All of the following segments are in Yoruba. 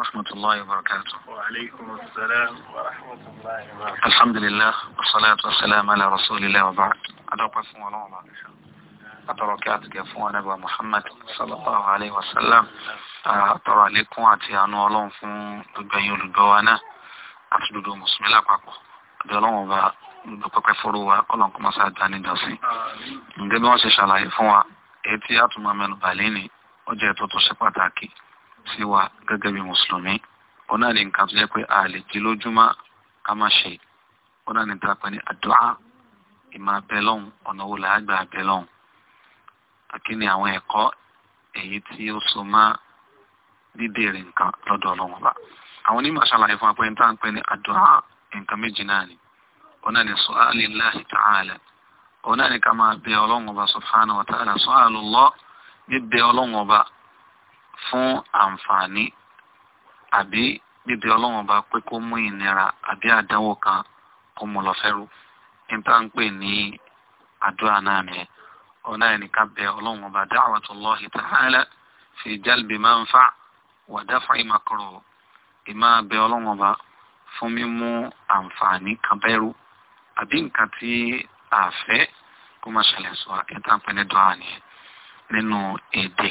ورحمة الله وبركاته وعليكم السلام ورحمة الله وبركاته الحمد لله والصلاة والسلام على رسول الله وبعد أدوك اسم الله أتركاتك فون أبو محمد صلى الله عليه وسلم أترى لكم أتي أنو الله فون دبيو البوانا أتدودو مسلم الله قاكو أدوك أبا dọ̀pẹ́pẹ́ fọ́rọ̀ wa kọ́lọ̀n kọ́ mọ́sá dání dọ̀sí ǹdẹ́ bí wọ́n ṣe ṣàlàyé fún wa èyí tí a tún máa sí wa gẹ́gẹ́ bí mùsùlùmí òun náà ní nǹkan tó jẹ́ pé a lè jí lójúmọ́ ká má ṣe òun náà ní ta pẹ́ ní àdúrà ìmọ̀ abẹ́lọ́hùn ọ̀nà wo làá abẹ́lọ́hùn kí ni àwọn ẹ̀kọ́ èyí tí ó so mọ́ dídèrè nǹkan lọ́dọ̀ ọlọ́run ọba àwọn onímọ̀ ṣàlàyé fún apẹ́ tá à ń pẹ́ ní àdúrà nǹkan méjì náà ni òun náà ní su'ali Allahi ta'ala òun náà ní ká máa bẹ ọlọ́run ọba subhanahu wa ta'ala fún àǹfààní àbí bíbi ọlọ́run bá pé kó mú ìnira àbí àdánwò kan kó mú lọ fẹ́rú níta ń pè ní àdúrà náà nìyẹn ọ̀nà ẹnìkan bẹ ọlọ́run ọba da'watullahi ta'ala fi jalbi manfa wa daf'i makruh ìmáa bẹ ọlọ́run ọba fún mímú àǹfààní kan bẹ́rù àbí nǹkan tí a fẹ́ kó má ṣẹlẹ̀ sọ ẹ̀ta ń pẹ́ ní dọ́ra nìyẹn nínú èdè.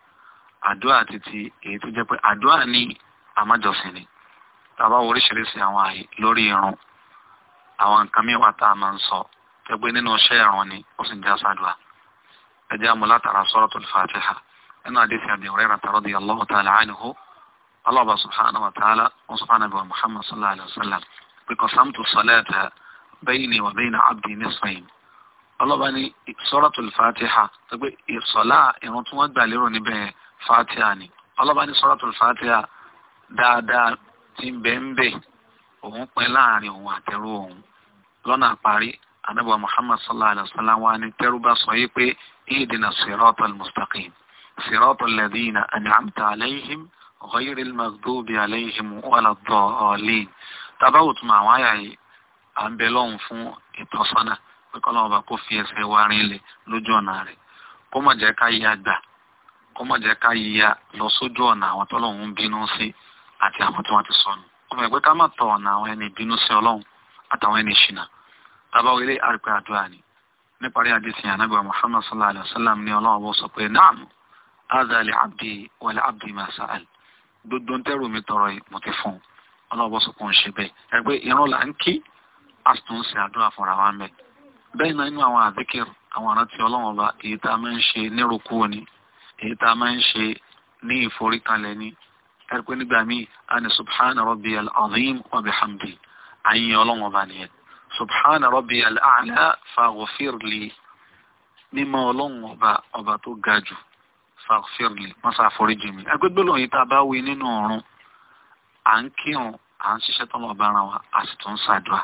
àdúrà títí èyí tó jẹ́ pé àdúrà ní àmájọsìn ni tàbá oríṣiríṣi àwọn àyè lórí irun àwọn nǹkan míì wà tá a máa ń sọ tó gbé nínú iṣẹ́ irun ni ó sì ń já sàdúrà ẹ jẹ́ àmú látara Suratul Fatiha nínú àdéhùn Abi Hurairah radiyallahu ta'ala anhu Allah subhanahu wa ta'ala wa subhanahu wa Muhammad sallallahu alayhi wa sallam pé qasamtu salata bayni wa bayna abdi nisfayn Allah ní Suratul Fatiha tó gbé ìsọ̀lá irun tí wọ́n gbà lérò níbẹ̀ fatiha ni ọlọ́ba ní suratul fatiha dáadáa ti ń bẹ̀ ń bẹ̀ òun pẹ́ láàrin òun àtẹrú òun lọ́nà àparí anábọ̀ muhammad sallallahu alayhi wa sallam wa ni tẹ́rú bá sọ yí pé ihdina siratal mustaqim siratal ladina an'amta alayhim ghayril maghdubi alayhim walad dallin tábàwò tún àwọn àyà yìí à ń bẹ lọ́hùn fún ìtọ́sọ́nà pé kọ́lọ́mọba kó fi ẹsẹ̀ wa rinlẹ̀ lójú ọ̀nà rẹ̀ kó má jẹ́ ká yí àgbà kọ́mọ̀ jẹ́ ká yíya lọ sójú ọ̀nà àwọn tọ́lọ́hún ń bínú sí àti àwọn tí wọ́n ti sọnù. ọmọ ẹgbẹ́ ká má tọ̀ ọ̀nà àwọn ẹni bínú sí ọlọ́run àtàwọn ẹni ṣìnà tábà wọlé àrùpẹ́ àdúrà ni níparí àdìsí ànábì muhammad sallallahu alayhi wa sallam ní ọlọ́run bó sọ pé naam azali abdi wàlẹ̀ abdi masal. gbogbo ń tẹ́rù mi tọrọ yìí mo ti fún un ọlọ́run bó sọ pé òun ṣe bẹ́ẹ̀ ẹgbẹ́ irun là ń kí asùn èyí tá a máa ń ṣe ní ìforíkanlẹ̀ ni ẹ̀rọ̀pẹ́ nígbà míì a ní subhana rabbi al-azim wa bihamdi ayin ọlọ́run ọba nìyẹn subhana rabbi al-a'la faghfirli mímọ́ ọlọ́run ọba ọba tó ga jù faghfirli mọ́sá àforíjì mi ẹgbẹ́gbẹ́ lóyìn tá a bá wí nínú ọ̀run à ń kírun à ń ṣiṣẹ́ tọ́lọ́ ọba ara wa a sì tún ṣàdúrà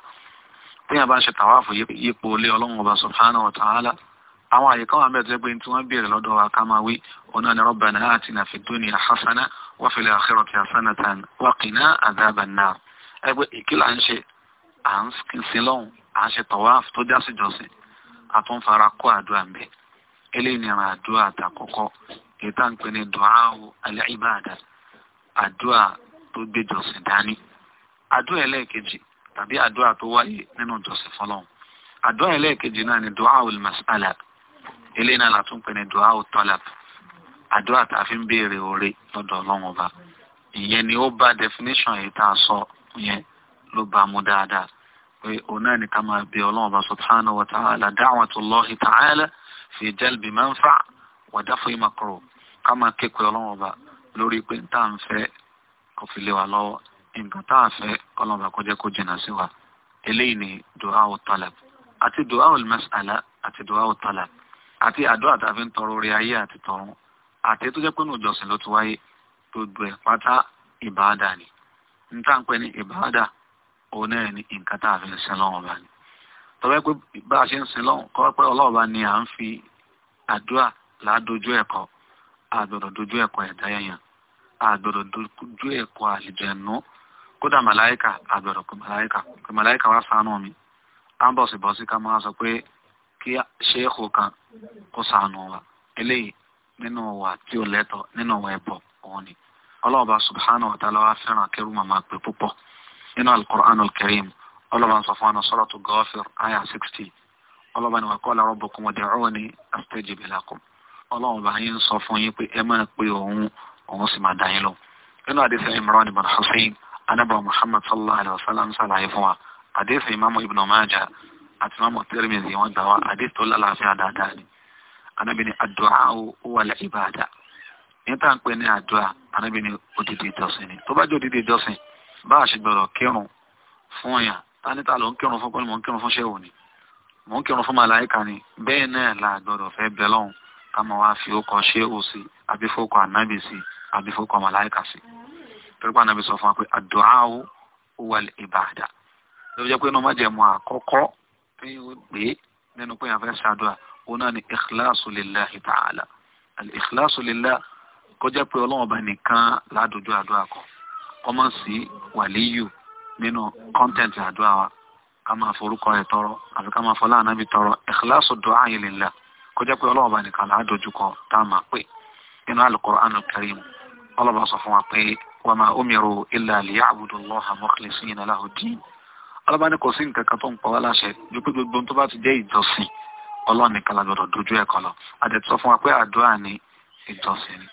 bí a bá ń ṣe tàwáàfù yípo ilé ọlọ́run ọba subhana wa ta'ala àwọn àyè kan wà bẹ́ẹ̀ tó yẹ pé tí wọ́n béèrè lọ́dọ̀ wa ká máa wí ọ̀nà ni rabbana atina fid dunya hasana wa fil akhirati hasanatan wa qina adhaban nar ẹgbẹ́ ìkìlà ń ṣe à ń sin lọ́hùn à ń ṣe tawaf tó já sí jọsìn àtún fara kó àdúrà ń bẹ eléyìí ni àwọn àdúrà àtàkọ́kọ́ èyí tá à ń pè ní du'a'u al-ibada àdúrà eléyìí náà látún pè ní dua ò tọ́lá àdúrà tá a fi ń béèrè oore lọ́dọ̀ ọlọ́run ọba ìyẹn ni ó bá definition yìí tá a sọ yẹn ló bá mu dáadáa pé òun náà ni ká máa bí ọlọ́run ọba subhanahu wa ta'ala da'watullahi ta'ala fi jalbi manfa' wa daf'i makruh ká máa ké pe ọlọ́run ọba lórí pé tá à ń fẹ́ kò fi lé wa lọ́wọ́ nǹkan tá à fẹ́ ọlọ́run ọba kó jẹ́ kó jìnnà sí wa eléyìí ni dua ò àti dua ò mas'ala àti dua ò àti àdúrà tá a fi ń tọrọ orí ayé àti tọ̀run àti tó jẹ́ pé nùjọsìn ló ti wáyé gbogbo ẹ̀ pátá ìbáadà ni n tá à ń ní ìbáadà òun náà ni nǹkan tá a fi ń sin lọ́wọ́ bá ní tọ́wẹ́ pé bá a ṣe ń sin lọ́wọ́ kọ́wẹ́ pé ọlọ́wọ́ bá ní à ń fi àdúrà làádójú ẹ̀kọ́ àgbọ̀dọ̀ dojú ẹ̀kọ́ ẹ̀dá yẹn àgbọ̀dọ̀ dojú ẹ̀kọ́ àlejò ẹ̀nú kódà màláìkà àgbọ̀dọ̀ pé màláìkà wá ṣàánú mi à ń bọ̀ sí ká máa sọ pé kí ṣéèkù kan kó sànù wa eléyìí nínú wa tí ò lẹ́tọ̀ nínú wa ẹ̀bọ òun ni ọlọ́ọ̀bá subhanahu wa ta'ala wa fẹ́ràn kẹrù màmá pé púpọ̀ nínú al-Qur'an al-Karim ọlọ́ọ̀bá sọ fún suratu Ghafir aya sixty ọlọ́ọ̀bá ni wa qala rabbukum ud'uni astajib lakum ọlọ́ọ̀bá yín sọ fún yín pé ẹ máa pe òun òun sì àti mọ́mọ́ tẹ́rẹ̀mìsì wọn gbà wá àdéhùn tó lálàáfíà dáadáa ni anábì ní àdúrà wà lẹ́ ìbáadà níta ń pè ní àdúrà anábì ní odidi ìjọsìn ni tó bá jẹ́ odidi ìjọsìn bá a ṣe gbọ́dọ̀ kírun fún èèyàn tánítà ló ń kírun fún pẹ́lú mò ń kírun fún ṣẹ́wò ni mò ń kírun fún màláìka ni bẹ́ẹ̀ náà la gbọ́dọ̀ fẹ́ bẹ lọ́hùn ká mọ̀ wá fi ókọ ṣẹ́wò sí àbí fókọ ànábì sí àbí fókọ màláìka sí torí pé sọ fún wa pé àdúrà wà lẹ́ ìbáadà ló jẹ́ pé inú májẹ̀mú àkọ́kọ́ tí ó gbé nínú pé yàn fẹ́ ṣàdúrà òun náà ni ikhlasu lillahi ta'ala al-ikhlasu lillah kọjá pé ọlọ́wọ́n bá nìkan ládùúgbò àdúrà kan kọ́mọ sí wàlíyù nínú kọ́ńtẹ̀ǹtì àdúrà wa ká máa forúkọ rẹ̀ tọrọ àfi ká máa fọlá ànábì tọrọ ikhlasu du'a lillah kọjá pé ọlọ́wọ́n bá nìkan ládùúgbò kan tá a máa pè nínú al-Qur'an karim ọlọ́wọ́n sọ fún wa pé wa ma umiru illa liya'budu Allaha mukhlisina lahu din ọlọ́ba ní kò sí nǹkan kan tó ń pa wá láṣẹ ju pé gbogbo tó bá ti jẹ́ ìjọsìn ọlọ́run nìkan la gbọ́dọ̀ dojú ẹ̀ kọ́ lọ àdẹ̀ sọ fún wa pé àdúrà ni ìjọsìn ni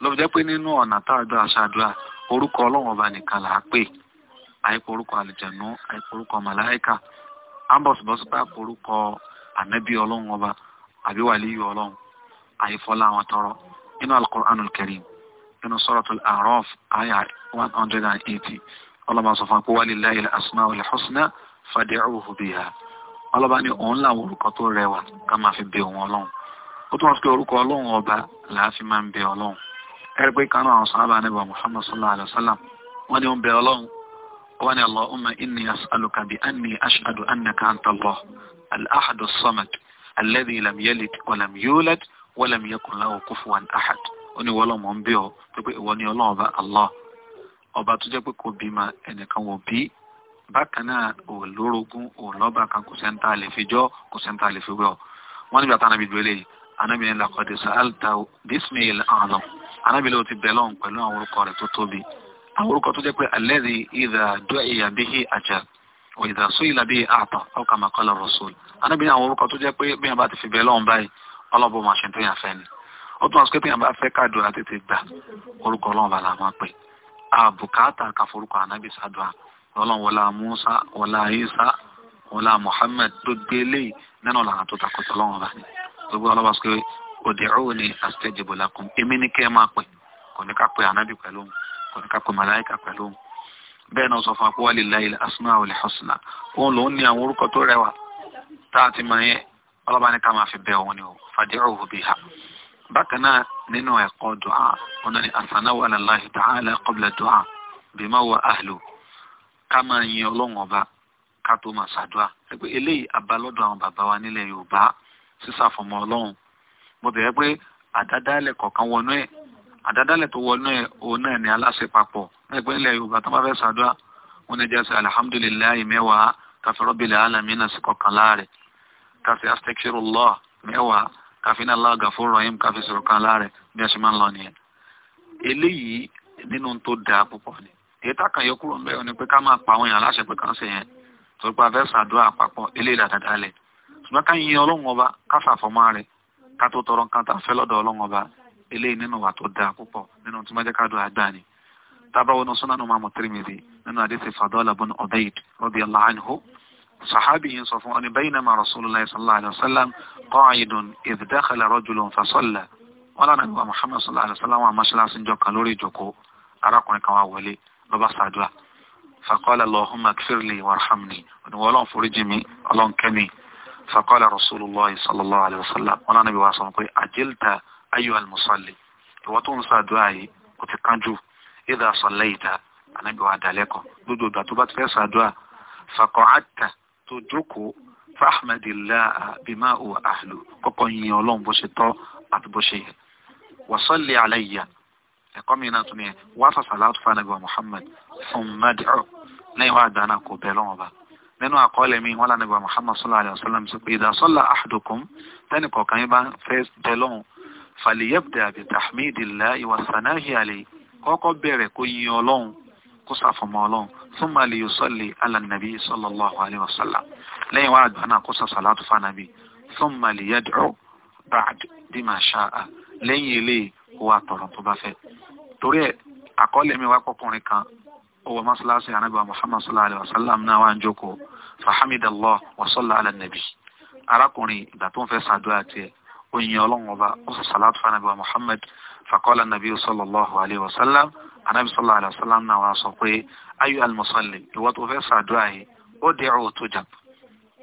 ló fi jẹ́ pé nínú ọ̀nà tá àdúrà ṣàdúrà orúkọ ọlọ́run ọba nìkan là á pè àìpò orúkọ àlìjẹ̀nú àìpò orúkọ màláíkà ambọ̀sibọ́sí pé àpò orúkọ ànábì ọlọ́run ọba àbí ọlọ́run àyífọ́lá al A'raf àyà one hundred and eighty ọlọ́ba sọ fún akówálé láyé asúná olè husna fad'uhu biha ọlọ́ba ní òun làwọn orúkọ tó rẹwà ká máa fi bẹ òun ọlọ́run ó tún wọ́n fi orúkọ ọlọ́run ọba làá fi máa ń bẹ ọlọ́run ẹ̀rí pé kánú àwọn sàábà níbà muhammad sallallahu alayhi wa sallam wọ́n ní ó ń bẹ ọlọ́run wọ́n ní allahumma inni as'aluka bi anni ashhadu annaka anta allah al samad alladhi lam yalid wa lam yulad wa lam yakun lahu ahad ó ní wọ́n ọba tó jẹ́ pé kò bímọ ẹnìkan ò bí bákan náà ò lórogún ò lọ́ba kan kò sẹ́ńtà lè fi jọ́ kò sẹ́ńtà lè fi wẹ̀ ọ́ wọ́n níbi àtàwọn àbí dùwẹ́lẹ̀ yìí anábì ní làkọ́dé sàáltà bísmìl àlọ́ anábì ló ti bẹ̀ lọ́n pẹ̀lú àwọn orúkọ rẹ̀ tó tóbi àwọn orúkọ tó jẹ́ pé alẹ́dì ìdá dọ́ ìyà bíhí àjà ò ìdá sọ ìlà bíi àtọ̀ ọkà màkọ́lá rọ̀ṣọ́l anábì ní àwọn orúkọ tó jẹ́ pé bí wọn bá ti fi bẹ̀ lọ́n báyìí ọlọ́bù màṣẹ́ tó yàn fẹ́ ni ó tún wọn sọ pé bí wọn bá fẹ́ káàdùn àtètè gbà orúkọ ọlọ́run bá làwọn pè àbùkátà ká forúkọ ànábì sàdúrà lọ́lọ́n wọlá Musa wọlá Isa wọlá Muhammad gbogbo eléyìí nínú ọ̀làrà tó takọ̀tọ̀ lọ́wọ́n bá gbogbo ọlọ́ba sọ pé ud'uni astajib lakum èmi ní kẹ́ ẹ máa pè kò ní ká pè ànábì pẹ̀lú òun kò ní ká pè màláìkà pẹ̀lú òun bẹ́ẹ̀ náà sọ fún akọ́wá lillahi al-asma'ul husna òun lòun ní àwọn orúkọ tó rẹwà tá a ti máa fi bẹ́ bákan náà nínú ẹ̀kọ́ dùá ọ̀nà ni àsànáwó aláàláhi tààlà kọ́bílẹ̀ dùá bímọ wà áhìlò ká máa yin ọlọ́run ọba ká tó máa ṣàdúrà ẹgbẹ́ eléyìí abalọ́dọ̀ àwọn bàbá wa nílẹ̀ yorùbá sísàfọmọ ọlọ́run mo bẹ̀rẹ̀ pé àdádálẹ̀ kọ̀ọ̀kan wọnú ẹ̀ àdádálẹ̀ tó wọnú ẹ̀ òun náà ni aláṣẹ papọ̀ ẹgbẹ́ nílẹ̀ yorùbá tó bá fẹ́ ṣàdúrà káfíńdà aláàgà fúnra yín káfí sọ̀rọ̀ kan láàrẹ̀ bí a ṣe máa ń lọ nìyẹn eléyìí nínú tó dáa púpọ̀ ni èyí tákàn yọ kúrò ńbẹ́ ni pé ká máa pa àwọn èèyàn láṣẹ pé kàn ṣe yẹn torí pé afẹ́ ṣàdúrà àpapọ̀ eléyìí dàdàdà lẹ̀ ṣùgbọ́n ká yin ọlọ́run ọba ká ṣàfọmọ́ rẹ̀ ká tó tọrọ nǹkan tá a fẹ́ lọ́dọ̀ ọlọ́run ọba eléyìí nínú wà tó dáa púpọ̀ nínú tí bun Ubayd radiyallahu صحابي صفوان بينما رسول الله صلى الله عليه وسلم قاعد إذ دخل رجل فصلى wọ́n lánàá ìwà muhammed sọlá àlùsálà wọn amáṣáláṣí jọ kan lórí ìjókòó arákùnrin kan wá wọlé ló bá ṣàdúrà faqala allahumma kfirli warhamni òníwọ́ ọlọ́run foríjì mi ọlọ́run kẹ́mi faqala rasulullah sallallahu alayhi wa sallam wọ́n lánàá ìwà sọ pé ajilta ayyuhal musalli ìwọ tó ń ṣàdúrà yìí kò ti kánjú idha sallaita ànábìwà dalẹ́kọ̀ tó jókòó fahmadillah bima huwa ahlu kọ́kọ́ yin ọlọ́run bó ṣe tọ́ àti bó ṣe yẹ wa salli alayya ẹ̀kọ́ mi náà tún yẹ wá sàṣàlá tó fànàbí wa muhammad fún madiọ lẹ́yìn wá dáná kò bẹ̀ lọ́wọ́ bá nínú àkọọ́lẹ̀ mi wọn lànà bá muhammad sallallahu alayhi wa sallam sọ pé idha salla ahadukum tẹ́nì kọ̀ọ̀kan yín bá fẹ́ bẹ̀ lọ́wọ́ falyabda bi tahmidillahi wa alayhi kọ́kọ́ bẹ̀rẹ̀ kó yin ọlọ́run kó sàfọmọ ọlọ́run fún màlẹ yóò sọlẹ alànàbí sallallahu alayhi wa sallam lẹ́yìn wá àgbà náà kó sàṣàlátù fànàbí fún màlẹ yẹdùrọ bàd bí màá ṣáà lẹ́yìn eléyìí kó wá tọrọ tó bá fẹ́ torí ẹ àkọọ́lẹ̀ mi wá pọkùnrin kan owó masalasi anabi wa muhammad sallallahu alayhi wa sallam náà wá ń jókòó fahamidallah wa sọlá alànàbí arákùnrin ìgbà tó ń fẹ́ sàdúrà tiẹ̀ anabi sallallahu alayhi wa sallam náà wà sọ pé ayu almusalli ìwọ tó fẹ́ sàdúrà yìí ó dé ọ̀ tó jà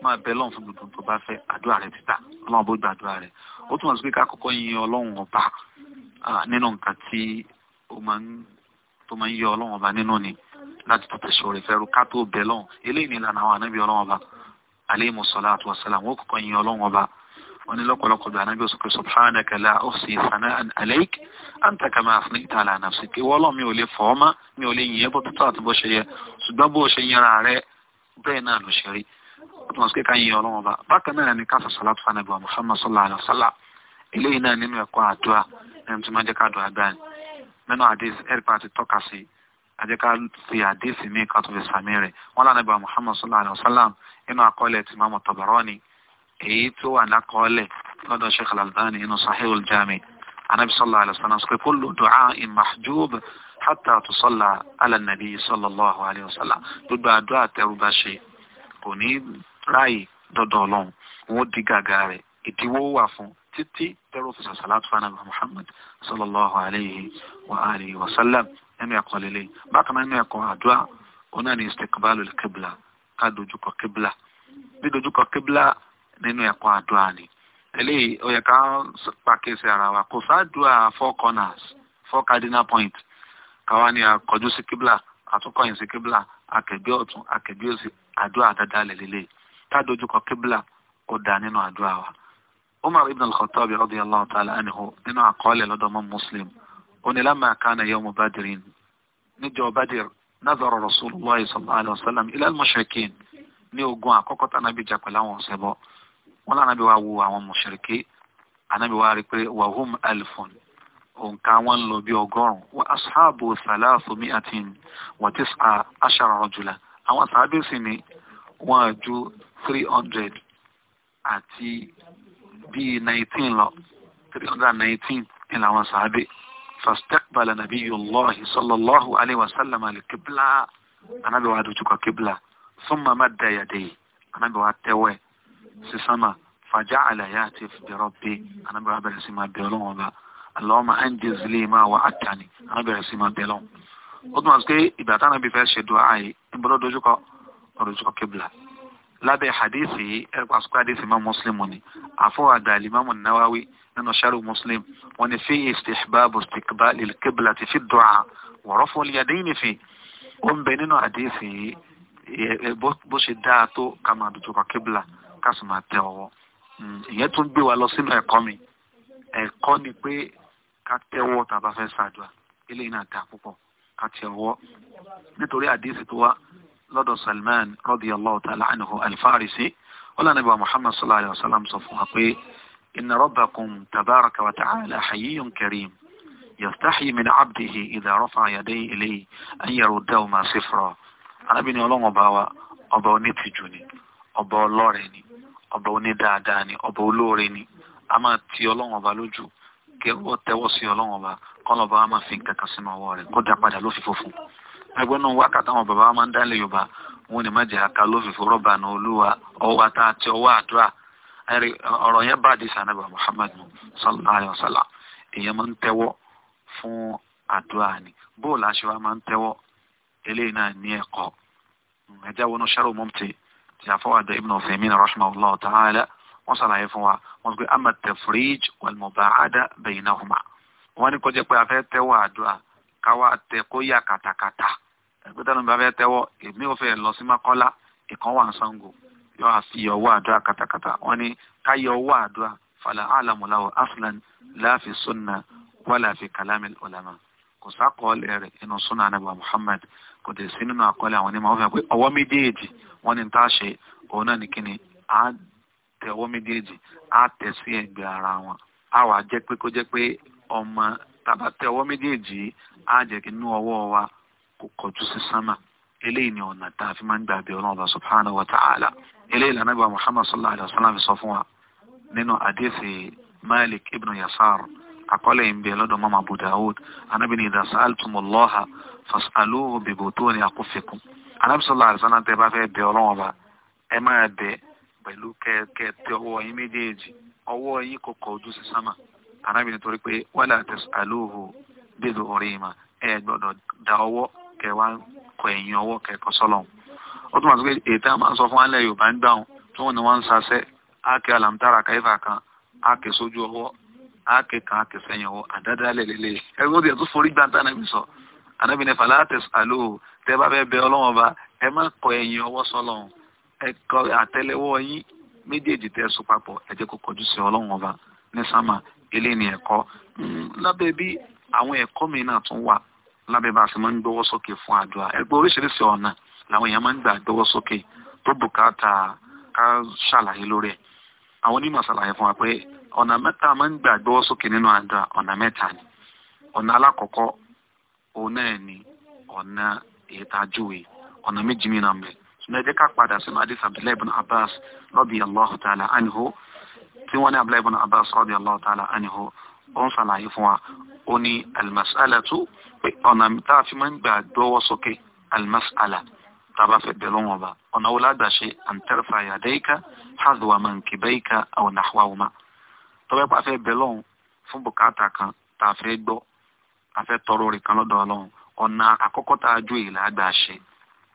máa bẹ lọ́n fún gbogbo tó bá fẹ́ àdúrà rẹ títà ọlọ́run bó gbàdúrà rẹ ó túmọ̀ sí pé kákọ́kọ́ yin ọlọ́run ọba nínú nǹkan tí ó máa ń yọ ọlọ́run ọba nínú ni láti tètè ṣòro ìfẹ́rù ká tó bẹ lọ́n eléyìí ni ìlànà àwọn anábì ọlọ́run ọba alayhi salatu wa salam wọ́n kọ́kọ́ wọ́n ní lọ́pọ̀lọpọ̀ bí anábì òsùnkú subhanaka la uhsi sana'an alayk anta kama afnayta ala nafsik ìwọ ọlọ́ mi ò lè fọ́ ọmọ mi ò lè yìn ẹ́ bó títọ́ àti bó ṣe yẹ ṣùgbọ́n bó ṣe yẹra rẹ bẹ́ẹ̀ náà ló ṣe rí ọtún ọ̀sẹ̀ ká yin ọlọ́wọ́n bá bákan náà ni káfà salatu fanabi wa muhammad sallallahu alayhi wa sallam eléyìí náà nínú ẹ̀kọ́ àdúrà ẹni tó máa jẹ́ ká dùn àgbà ni mẹ́nu àdéhìí ẹ̀rí pa àti tọ́ka sí àjẹ́ ká fi àdéhìí mi ká tó fi sàmì rẹ̀ wọ́n lánàá bá muhammad sallallahu alayhi wa sallam inú àkọọ́lẹ̀ tí mamu tabarani èyí tó wà lákọọ́lẹ̀ lọ́dọ̀ Sheikh Al-Albani inú Sahihul Jami anabi sallallahu alayhi wa sallam sọ pé kullu du'a'in mahjub hatta tusalla ala nabi sallallahu alayhi wa sallam gbogbo àdúrà tẹrùbá ṣe kò ní ráàyè dọ́dọ̀ ọlọ́run wọn di gàgà rẹ̀ ìdíwọ́ wà fún títí tẹ́rù fi sàṣàlátù fún anabi Muhammad sallallahu alayhi wa alihi wa sallam ẹnu ẹ̀kọ́ bákan náà ẹnu ẹ̀kọ́ àdúrà onáà ní istikbalul kibla ká dojúkọ kibla bí dojúkọ kibla nínú ẹ̀kọ́ àdúrà ni eléyìí ó yẹ ká pàkíyèsí ara wa kò sáàdúrà four corners four cardinal points káwa ni àkọjú sí kíbla àtúnkọ̀yìn sí kíbla akẹgbẹ́ ọ̀tún akẹgbẹ́ òsì àdúrà dáadáa lélẹ́lẹ́ tádójúkọ kíbla ó dá nínú àdúrà wa umar ibn al-khattab radiyallahu ta'ala anhu nínú àkọọ́lẹ̀ lọ́dọ̀ mọ́ muslim onílàmà kánà yawmu badirin níjọ badir nazara rasulullah sallallahu alayhi wa sallam ila al ní ogun àkọ́kọ́ tánàbí jà pẹ̀lú àwọn ọ̀sẹ̀ bọ́ wọn lànà bí wàá wo àwọn mùṣírikí ànábi wàá rí pé wàhùn alifon òǹkà wọn lọ bí ọgọ́rùn wa asáàbò sàlàsù miatin wa tis'a ashara àwọn sàábì sì ni wọn ju three hundred àti bíi nineteen lọ three hundred and nineteen ni làwọn sàábì fastaqbala nabiyullahi sallallahu alayhi wa sallam alikibla ànábi wàá dojú kọ kibla thumma madda yadayhi ànábi wàá tẹwẹ́ sí sánmà fàjá àlàyé àti ìfìdírọ́ pé anábẹ́rẹ́ abẹ́rẹ́ sí máa bẹ̀ ọlọ́run ọba àlọ́ọ̀mà angels lè máa wà àtàní anábẹ́rẹ́ sí máa bẹ̀ lọ́hùn. ó túmọ̀ sí pé ìgbà táwọn ibi fẹ́ ṣe dùn ààyè ìbúdó dojúkọ ọdojúkọ kébìlà lábẹ́ hadithi yìí ẹ̀rọ àsìkò hadithi imam muslim ni àfọwọ́ àdàlì imam nawawi nínú sharu muslim wọn ni fi istihbab istiqbal kébìlà ti fi dùn à wọ̀rọ̀ fún olùyàdé ní fi ó ń bẹ nínú hadithi bó ṣe dáa tó kàmá dojúkọ kébìlà ká sì máa tẹ ọwọ́ mm, ìyẹn tún gbé wa lọ sínú ẹ̀kọ́ mi ẹ̀kọ́ ni pé ká tẹ́wọ́ tá a bá fẹ́ ṣàdúrà eléyìí náà dà púpọ̀ ká tẹ ọwọ́ nítorí àdéhìsì tó wá lọ́dọ̀ Salman radiyallahu ta'ala anhu al-Farisi wọ́n Muhammad sallallahu alayhi wa sallam sọ fún wa pé inna rabbakum tabaraka wa ta'ala hayyun karim yastahi min abdihi idha rafa yadayhi ilayhi an sifra arábìnrin ọlọ́wọ́n bá wa ọba onítìjú ni ọba ọlọ́rẹ̀ ni ọba onídáadáa ni ọba olóore ni a máa ti ọlọ́run ọba lójú kẹwọ́ tẹ́wọ́ sí ọlọ́run ọba kọ́lọ́ ọba wa máa fi nǹkan kan sínú ọwọ́ rẹ̀ kó padà ló fi fòfun ẹgbẹ́ náà ni má jẹ́ aka ló fi fòrọ́ bá ní olúwa ọwọ́ ata àti ọwọ́ àdúrà ọ̀rọ̀ yẹn bá di sallallahu alayhi wa sallam èèyàn máa ń tẹ́wọ́ fún àdúrà ni tí àfọwọ́ àdá ibn Uthaymeen rahimahullah ta'ala wọ́n ṣàlàyé fún wa wọ́n gbé amma tafrij wal mubaada baynahuma wọ́n ní kọjá pé afẹ́ tẹ́wọ́ àdúrà káwá tẹ kó yà kàtàkàtà ẹgbẹ́ tẹ́lẹ̀ bá fẹ́ tẹ́wọ́ èmi ò fẹ́ lọ sí makọ́lá ìkan wà ń sango yọ àfi ọwọ́ àdúrà kàtàkàtà wọ́n ní káyọ ọwọ́ àdúrà fala alamu lahu aslan la fi sunna wala fi kalamil ulama kò sákọọ́lẹ̀ rẹ̀ nínú súnà ànábì Muhammad kò dé sí nínú àkọọ́lẹ̀ àwọn onímọ̀ ọ̀fẹ́ pé ọwọ́ méjèèjì wọ́n ní tá a ṣe òun náà ní kíni á tẹ ọwọ́ méjèèjì á tẹ sí ẹgbẹ́ ara wọn á wàá jẹ́ pé kó jẹ́ pé ọmọ tàbá tẹ ọwọ́ méjèèjì á jẹ́ kí inú ọwọ́ wa kò kọjú sí sánmà eléyìí ni ọ̀nà tá a fi máa ń gbà bí ọlọ́run subhanahu wa ta'ala eléyìí lànà ìgbà Muhammad sallallahu alayhi wa sallam fi sọ fún wa nínú àdéhìí Malik ibn Yasar àkọlé ń bẹ lọ́dọ̀ mọ́mọ́ Abu Dawud anábì saal idha sa'altumullaha fas'aluhu bi butuni akufikum anábì sallallahu alaihi wasallam tẹ́ bá fẹ́ bẹ ọlọ́wọ́n bá ẹ máa bẹ pẹ̀lú kẹ̀kẹ́ tẹ ọwọ́ yín méjèèjì ọwọ́ yín kò kọ ojú sí sámà anábì nítorí pé wala tas'aluhu bi dhuhrima ẹ gbọ́dọ̀ da ọwọ́ kẹ wá kọ ẹ̀yìn ọwọ́ kẹ kọ sọ́lọ̀ ó tún Ake kan áàkè sẹ́yìn ọwọ́ àdádálẹ̀ lélẹ̀ ẹgbẹ́ tiẹ̀ tó forí gbàǹtà náà mi sọ ànábì ní fàlà àtẹ̀sọ àlò tẹ́ bá fẹ́ bẹ ọlọ́wọ́n ọba ẹ má kọ ẹ̀yìn ọwọ́ sọlọ́run ẹ kọ àtẹ́lẹwọ́ yín méjèèjì tẹ́ so papọ̀ ẹ jẹ́ kó kọjú sí ọlọ́wọ́n ọba ní sámà ilé ní ẹ̀kọ́ hmm, lábẹ́ bí àwọn ẹ̀kọ́ mi náà tún wà lábẹ́ bá a sì máa ń gbọ́wọ́ sókè fún àdúrà ẹgbẹ́ oríṣiríṣi ọ̀nà làwọn èèyàn máa ń gbà gbọ́wọ́ sókè tó bùkátà ká ṣàlàyé lórí ẹ̀ àwọn onímọ̀ ṣàlàyé fún wa pé ọ̀nà mẹ́ta máa ń gbàgbọ́ sókè nínú àdúrà ọ̀nà mẹ́ta ni ọ̀nà alákọ̀ọ́kọ́ òun náà ni ọ̀nà ìtajúwe ọ̀nà méjì mìíràn mẹ́ ṣùgbọ́n ẹ jẹ́ ká padà sínú adis abdullahi ibn abbas rọ́bì allahu ta'ala anhu tí wọ́n ní abdullahi ibn abbas rọ́bì allahu ta'ala anhu ó ń ṣàlàyé fún wa ó ní almasalatu pé ọ̀nà tá a fi máa ń gbàgbọ́ sókè almasala tàbá fẹ́ bẹ̀rẹ̀ wọn ọba ọ̀nà wo lágbàṣe àǹtẹ̀rẹ̀fà yàdẹ́yìká hàzùwàmọ̀ nkìbẹ́yìká àwọn nàhwàwùmá tọ́wẹ́ pa fẹ́ bẹ̀ lọ́hùn fún bùkátà kan tá a fẹ́ gbọ́ a fẹ́ tọrọ rẹ̀ kan lọ́dọ̀ ọlọ́hùn ọ̀nà àkọ́kọ́ tá a jó èyí làágbà ṣe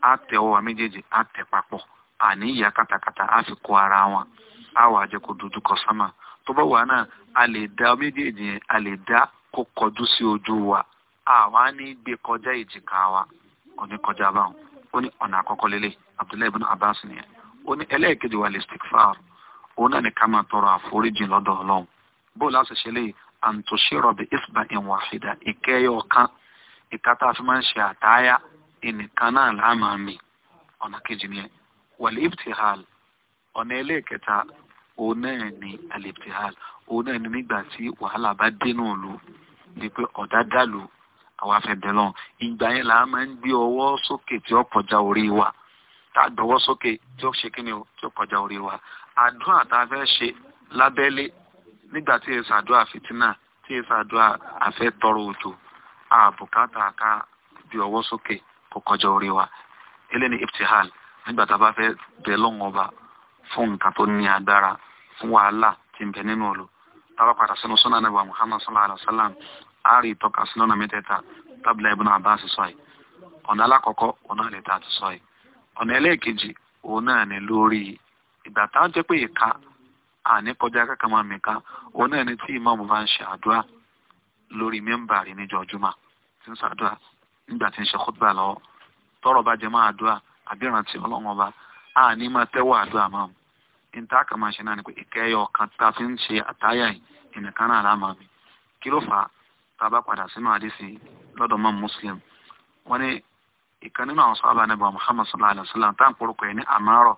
á tẹ ọwọ́ méjèèjì á tẹ papọ̀ á fi kó ara wọn á wà jẹ́ kó kọ tó wà náà a lè dá méjèèjì a lè dá kó kọjú sí ojú wa àwa ní wa kò ní kọjá báwọn ó ní ọ̀nà àkọ́kọ́ lélẹ̀ Abdullahi ibn Abbas nìyẹn ó ní òun náà ni ká máa tọrọ àforíjì lọ́dọ̀ ọlọ́run bó láti ṣe lè àǹtòṣírọ̀ bí isba ìwọ̀n àfidà ìkẹyọ kan ìka tá a fi máa ń ṣe àtáyà ìnìkan náà láàmà mi ọ̀nà kejì ni wàlẹ̀ ibtihal ọ̀nà ẹlẹ́ẹ̀kẹta òun náà ni alibtihal òun náà ni nígbà tí wàhálà bá dénú lu ni pé ọ̀dá dàlú àwa fẹ́ bẹ̀ lọ́n ìgbà yẹn là á máa ń gbé ọwọ́ sókè tí ó kọjá orí wa tá a gbọ́wọ́ sókè tí ó ṣe kíni o tí ó kọjá orí wa àdúrà tá a fẹ́ ṣe lábẹ́lé nígbà tí èsì àdúrà fìtínà tí àdúrà àfẹ́ tọrọ òjò àbùkátà ká di ọwọ́ sókè kó kọjá orí wa eléni iftihal nígbà tá a bá fẹ́ bẹ ọba fún nǹkan tó ní agbára fún wàhálà tí ń nínú muhammad sallallahu alayhi wa sallam ìtọ́ka mẹ́tẹ̀ẹ̀ta ọ̀nà alákọ̀ọ́kọ́ ọ̀nà àlẹ́ta àti ọ̀nà ẹlẹ́ẹ̀kejì òun náà ìgbà táwọn jẹ́ pé ìka àní kọjá kankan máa mìka òun náà ni tí ìmáàmù bá ń ṣe àdúrà lórí mẹ́mbà rẹ̀ níjọ́ jùmọ̀ tí ń ṣàdúrà nígbà tí ń ṣe kútbà lọ́wọ́ tọrọ bá jẹ máa àdúrà àbí ìrántí ọlọ́run ọba àní máa tẹ́wọ́ àdúrà máa mú níta kà máa ṣe náà ni pé ìkẹyọ kan tá a fi ń ṣe àtáyà yìí ìnìkan náà láàmà mi kí ló fà á tá a bá padà sínú àdìsí lọ́dọ̀ mọ́ muslim wọ́n ní ìkan nínú àwọn sábà níbà muhammad sallallahu alayhi wa sallam tá ń porúkọ yìí ní àmárọ̀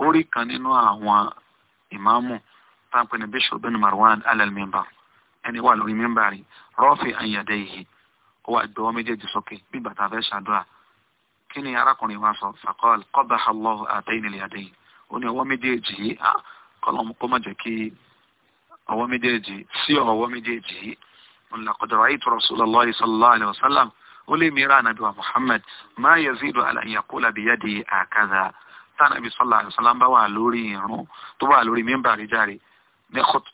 ó rí kan nínú àwọn ìmáàmù táǹpẹ́ ní bishop bin marwan alalmimba ẹni wà lórí mímbà rí rọ́ọ̀fì àyàdẹ yìí ó wà gbọ́ méjèèjì sókè bí bàtà fẹ́ ṣàdúrà kí ni arákùnrin wa sọ faqal qabaha Allahu àtẹ́yìn ilẹ̀ àdẹ́yìn ó ní ọwọ́ méjèèjì yìí ah, kọ́lọ́mù kó má jẹ́ kí ọwọ́ méjèèjì sí ọwọ́ méjèèjì yìí laqad ra'aytu Rasulullah sallallahu alaihi wasallam ó lè tánàbí sọlá àṣàlám bá wà lórí ìrún tó wà lórí mímbà rí járe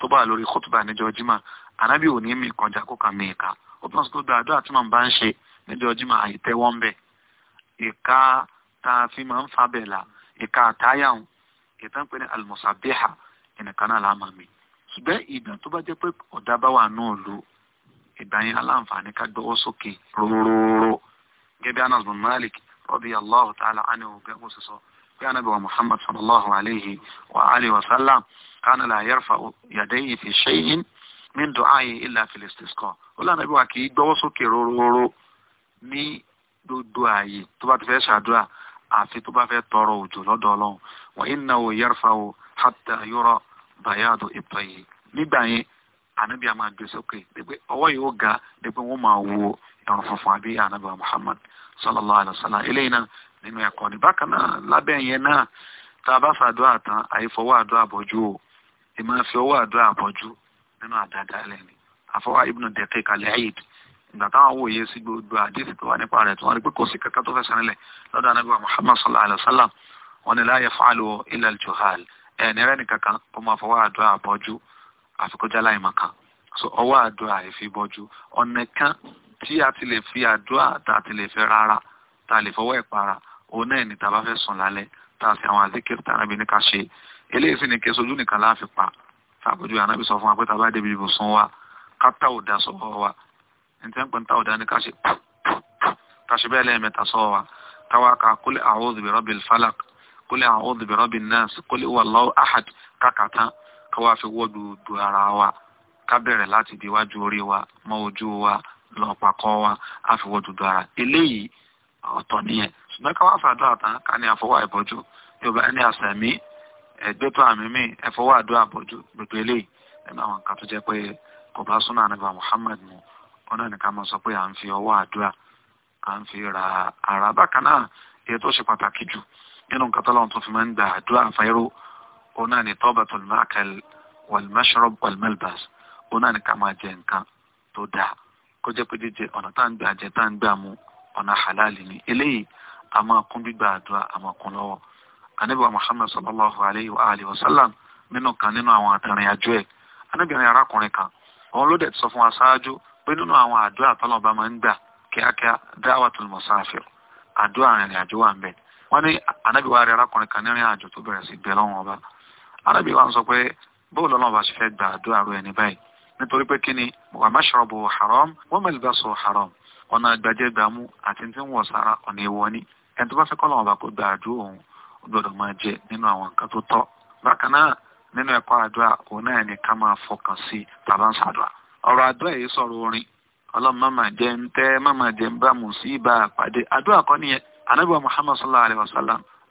tó wà lórí kótóbà níjọ jimá ànábì ò ní mí kọjá kó kà mí ìka ó tún sọ pé àdúrà tí màá bá ń ṣe níjọ jimá àìtẹ́wọ́ ń bẹ̀ ìka tá a fi máa ń fa bẹ̀ la ìka àtáyàwó ìtàn pé ní almusabiha ẹnìkan náà láàmà mi ṣùgbọ́n ìgbà tó bá jẹ́ pé ọ̀dà bá wà náà lò ìgbà yẹn aláǹfààní ká gbọ́wọ́ sókè róróró gẹ́gẹ́ bí Anas bin Malik radiyallahu ta'ala anhu gẹ́gẹ́ bó ṣe sọ pé ànábì wa Muhammad sallallahu alayhi wa alihi wa sallam kana la yarfa'u yadayhi fi shay'in min du'a'i illa fil istisqa ó lànà bí wa kì í gbọ́wọ́ sókè róróró ní gbogbo ààyè tó bá ti fẹ́ ṣàdúrà àfi tó bá fẹ́ tọrọ òjò lọ́dọ̀ ọlọ́run wa innahu yarfa'u hatta yura bayadu ibtayi nígbà yẹn ànábì a máa gbé sókè dẹ́gbẹ́ ọwọ́ yìí ó ga dẹ́gbẹ́ wọ́n máa wo ẹ̀rùn funfun àbí ànábì wa Muhammad sallallahu alayhi wa sallam eléyìí náà nínú ẹ̀kọ́ ní bákan náà lábẹ́ yẹn náà tá a bá fàdúrà tán àìfọwọ́ àdúrà àbọ̀jú o ìmọ̀ fi ọwọ́ àdúrà àbọ̀jú nínú àdáadáa lẹ́ni àfọwọ́ ibnu dẹ̀kẹ́ kalẹ̀ ayid ìgbà táwọn wòye sí gbogbo àdéhùn tó wà nípa rẹ̀ tí wọ́n rí pé kò sí kankan tó fẹsẹ̀ nílẹ̀ lọ́dọ̀ anábì wa muhammad sallallahu alayhi wa sallam wọn ni la yaf'alu illa al-juhal ẹ̀ nírẹ́ nìkankan ó máa fọwọ́ àdúrà àbọ̀jú àfikọ́jà láìmọ̀ kan so ọwọ́ àdúrà ìfibọ́jú ọ̀nà kan tí a ti lè fi àdúrà tá a ti lè fẹ́ rárá tá a lè fọwọ́ ẹ̀ para òun náà ni tàbá fẹ́ sùn lálẹ́ tá a fi àwọn àzíkìrì tá anábì ní ká ṣe eléyìí sì ni kí sojú nìkan láàfi pa tàbójú anábì sọ fún wa pé tàbá débi ibùsùn wa ká tá ò da sọ́wọ́ wa ntẹ́ ń pè ń tá ò da ni ká ṣe ká ṣe bẹ́ẹ̀ lẹ́ẹ̀mẹ́ta sọ́wọ́ wa táwa ká kólé a'udhu bi rabbil falaq kólé a'udhu bi rabbin nas kólé wallahu ahad kákàtá káwá fi wọ́ọ̀dù du ara wa ká bẹ̀rẹ̀ láti di iwájú orí wa mọ́ ojú wa lọ́pàá kọ́ wa á fi wọ́ọ̀dù du ara eléyìí ọ̀tọ̀ nìyẹn ṣùgbọ́n ká wá fàdúrà tán ká ní àfọwọ́ àìbọ́jú yorùbá ẹni àsẹ̀mí ẹgbẹ́tọ̀ àmì mi ẹfọwọ́ àdúrà àbọ́jú gbogbo eléyìí nínú àwọn nǹkan tó jẹ́ pé kò bá súnà nípa Muhammad mu ọ̀nà nìkan máa sọ pé à ń fi ọwọ́ àdúrà à ń fi ra ara bákan náà èyí tó ṣe pàtàkì jù nínú nǹkan tó lọ́wọ́ tó fi máa ń gba àdúrà fẹ́rù ọ̀nà ní tawbatul ọ̀nà tá à ń gbà jẹ tá à ń gbà mu ọ̀nà halal ni eléyìí a máa kún gbígba àdúrà a máa kún lọ́wọ́ anabi wa muhammed sallallahu alayhi wa alihi wa sallam nínú kan nínú àwọn àtẹ̀rìn àjọ ẹ̀ anábìrin arákùnrin kan òun ló dẹ̀ sọ fún wa ṣáájú pé nínú àwọn àdúrà tọ́lọ́ba máa ń gbà kíákíá da'watul musafir àdúrà rìnrìn àjò wà ń bẹ̀ wọ́n ní anábì wa rẹ̀ arákùnrin kan nírìn àjò tó bẹ̀rẹ̀ sí bẹ̀ lọ́wọ́n ọba anábì wa ń sọ pé bóòlù ọlọ́ọ̀bá ṣe fẹ́ gba àdúrà rẹ̀ ní báyìí nítorí pé kí ni wa mashrabu haram wa malbasu haram ọ̀nà àgbàjẹ́ gbàmú àti tí ń wọ̀ sára ọ̀nà ìwọ ni ẹni tó bá fẹ́ kọ́ lọ́wọ́ bá kó gba àdúrà òun ó gbọ́dọ̀ máa jẹ nínú àwọn nǹkan tó tọ́ bákan náà nínú àdúrà òun náà ni ká máa fọkàn sí tàbá ń ṣàdúrà ọ̀rọ̀ àdúrà yìí orin ọlọ́run má máa jẹ ń tẹ́ má máa jẹ ń bá pàdé àdúrà nìyẹn anábìwá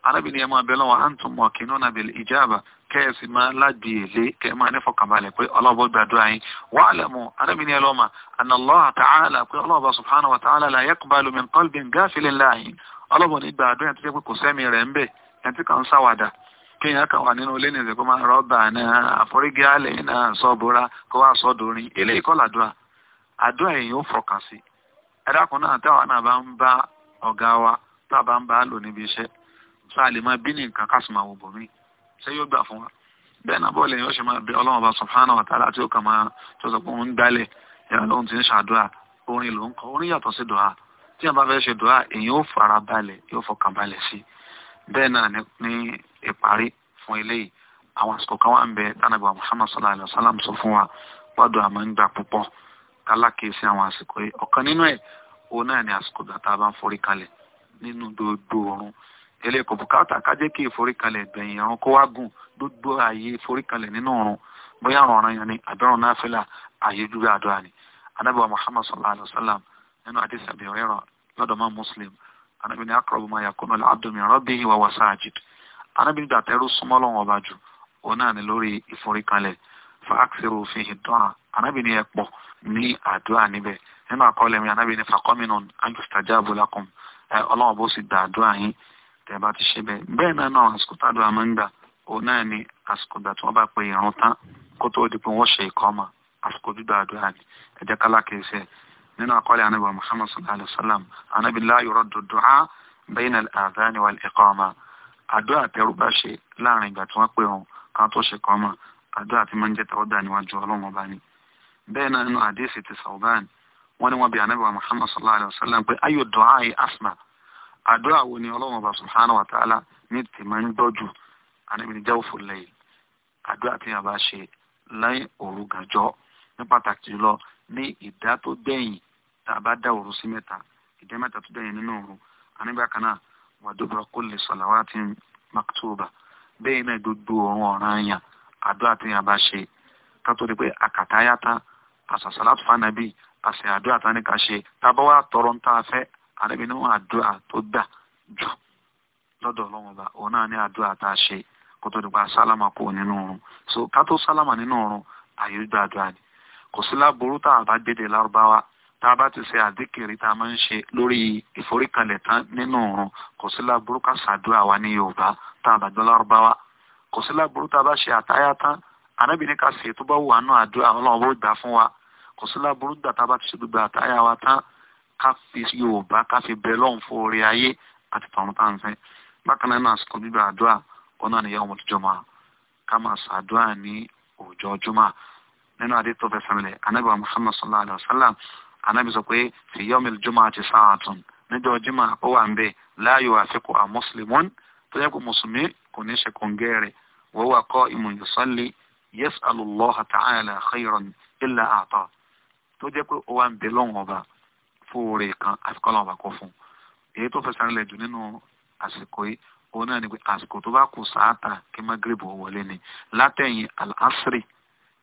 arábìnrin ẹ máa bẹ lọ́wọ́ antum muqinuna bil ijaba kẹ́ẹ̀sì máa ládi èlé kẹ́ẹ̀ máa ní fọkànbalẹ̀ pé ọlọ́ọ̀bọ gbàdúrà yín wa'lamu arábìnrin ẹ lọ́mà anna Allaha ta'ala pé ọlọ́ọ̀bọ subhanahu wa ta'ala la yaqbalu min qalbin ghafilin láàyè ọlọ́ọ̀bọ ní gbàdúrà tó jẹ́ pé kò sẹ́mi rẹ̀ ń bẹ̀ ẹ̀ tí kàn ń sáwàdà kéèyàn kan wà nínú ilé nìyẹn kó máa rọ́bà náà àforígí àlẹ́ náà sọ́bùrà kó wá sọ́dọ̀rin eléyìí kọ́ làdúrà àdúrà èèyàn ó fọkàn sí ẹ̀dá kan náà táwa náà bá ń bá ọ̀gá wa tá bá ń bá lò níbi iṣẹ́ tá a lè máa bí ní nǹkan ká sì máa wò bọ̀ mí ṣé yóò gbà fún wa bẹ́ẹ̀ náà bọ́ọ̀lù yóò ṣe máa bẹ ọlọ́run ọba subhanahu wa ta'ala tí ó kà máa tó sọ pé òun ń gbálẹ̀ ìyá lóhun ti ń ṣàdúrà orin ló ń kọ orin yàtọ̀ sí dùá tí a bá fẹ́ ṣe dùá èyí ó fara balẹ̀ yóò fọkàn balẹ̀ sí bẹ́ẹ̀ náà ní ìparí fún eléyìí àwọn àsìkò kan wà ń bẹ tánàbà Muhammad sallallahu alayhi wa sallam sọ fún wa gbọ́dọ̀ àmọ́ ń gbà púpọ̀ kálákèésí àwọn àsìkò yìí ọ̀kan nínú ẹ̀ òun náà ni àsìkò gbà tá a bá ń forí kalẹ̀ nínú gbogbo oorun ilé kò bùkátà ká jẹ́ kí ìforíkalẹ̀ gbẹ̀yìn àwọn kó wá gùn gbogbo ààyè ìforíkalẹ̀ nínú ọ̀run bóyá ọ̀ràn ọ̀ràn yẹn ni àbẹ̀rùn náà fẹ́lá ààyè dúró àdúrà ni anábì wa muhammad sallallahu alayhi wa sallam nínú àdìsí àbí ọ̀rẹ́rọ̀ lọ́dọ̀ mọ́ muslim anábì ní aqrabu ma yakunu al-abdu min rabbihi wa huwa sajid anábì nígbà tẹ́rù súnmọ́ lọ́wọ́ ọba jù òun náà ni lórí ìforíkalẹ̀ fa aksiru fihi du'a anábì ní ẹ̀pọ̀ ní àdúrà níbẹ̀ nínú tẹ́ bá ti ṣe bẹ́ẹ̀ bẹ́ẹ̀ náà náà àsìkò tádùn àmọ́ ń gbà òun náà ni àsìkò ìgbà tí wọ́n bá pe ìrun tán kó tó di pé wọ́n ṣe ìkọ́mà àsìkò dídá àdúrà ni ẹ jẹ́ ká lákèésẹ́ nínú àkọọ́lẹ̀ anábì muhammad sallallahu alayhi wa sallam anábì la yuraddu du'a bayna al-adhan wal iqama àdúrà tẹ́rù bá ṣe láàrin ìgbà tí wọ́n pe ìrun kan tó ṣe kọ́mà àdúrà tí máa ń jẹ́ tàwọ́dà níwájú ọlọ́run ọba ni bẹ́ẹ̀ náà nínú àdéhìsì ti sàwọ́bàn wọ́n ní wọ́n bi anábì muhammad sallallahu alayhi wa sallam pé ayò du'a asma' àdúrà wo ni ọlọ́run ọba subhanahu wa ta'ala ní ti máa ń dọ́jú àníbi jawfu layl àdúrà tí a bá ṣe láì òru gànjọ́ ní pàtàkì jùlọ ní ìdá tó dẹ̀yìn tá a bá dá òru sí mẹ́ta ìdá mẹ́ta tó dẹ̀yìn nínú òru àníbi àkànnà wa dubra kulli salawatin maktuba bẹ́ẹ̀ náà gbogbo òun ọ̀ràn yàn àdúrà tí a bá ṣe ká tó di pé àkàtáyàtà àṣàṣàlátù fànàbí àṣẹ àdúrà tá a ká ṣe tábọ́wá tọrọ ń tá a fẹ́ àdébí ní wọn àdúrà tó gbà jù lọ́dọ̀ ọlọ́run ọba òun náà ní àdúrà tá a ṣe kó tó nípa sálámà kó nínú oorun so ká tó sálámà nínú oorun àyè gbàdúrà ni kò sí láburú tá a bá gbéde lárúbáwá tá a bá ti ṣe àdíkìrì tá a máa ń ṣe lórí ìforíkalẹ̀ tán nínú oorun kò sí láburú ká ṣàdúrà wa ní yorùbá tá a bá gbọ́ lárúbáwá kò sí láburú tá a bá ṣe àtáyá tán ànábì ní ká ṣe tó bá wù wá nù àdúrà ọlọ́run bó gbà fún wa kò sí láburú gbà tá a bá ti ṣe gbogbo àtáyá wa tán ká fi yorùbá ká fi bẹ lọ́hùn fún orí ayé àti tọ̀run tá à ń fẹ́ bákan náà àsìkò gbígbà àdúrà wọn náà nìyẹn ọmọdé jọmọ ká máa ṣàdúrà ní òòjọ́ jùmọ̀ nínú adé tó fẹ́ sẹ́mìlẹ̀ anábì muhammad sallallahu alayhi wa sallam anábì sọ pé fi yọmil jùmọ̀ àti sáàtún níjọ́ jùmọ̀ ó wà ń bẹ̀ láàyò àfikún à tó yẹ kó mùsùlùmí kò ní ṣe kòǹgẹ́ rẹ̀ wọ́n wà kọ́ ìmọ̀ yusalli yas'alullaha ta'ala khayran fóore kan àfikọ́ làwọn bá kọ́ fún un èyí tó fẹsẹ̀ rẹ̀ jù nínú àsìkò yìí òun náà ni pé àsìkò tó bá kù sáàtà kí magrib wọlé ni látẹ̀yìn al-asri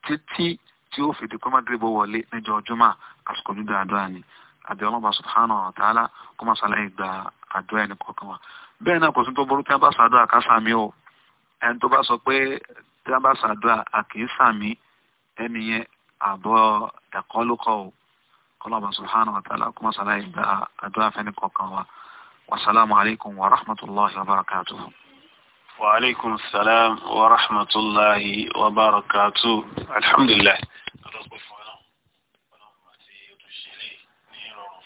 títí tí ó fìdí pé magrib wọlé níjọ́ jùmọ̀ àsìkò dídá àdúrà ni àbí ọlọ́ba subhanahu wa ta'ala kó máa ṣàlàyé gba àdúrà ẹni kọ̀ọ̀kan wa bẹ́ẹ̀ náà kò sí tó burú tí a bá ṣàdúrà ká sàmì o ẹni tó bá sọ pé tí a bá ṣàdúrà àkìí kọlọ́ba subhanahu wa ta'ala kuma sàlàyé gba àdúrà fẹ́ni kọ̀ọ̀kan wa wasalaamu alaykum wa rahmatulahi wa barakatuhu. wa aleykum salaam wa rahmatulahi wa barakatuhu alhamdulilayi.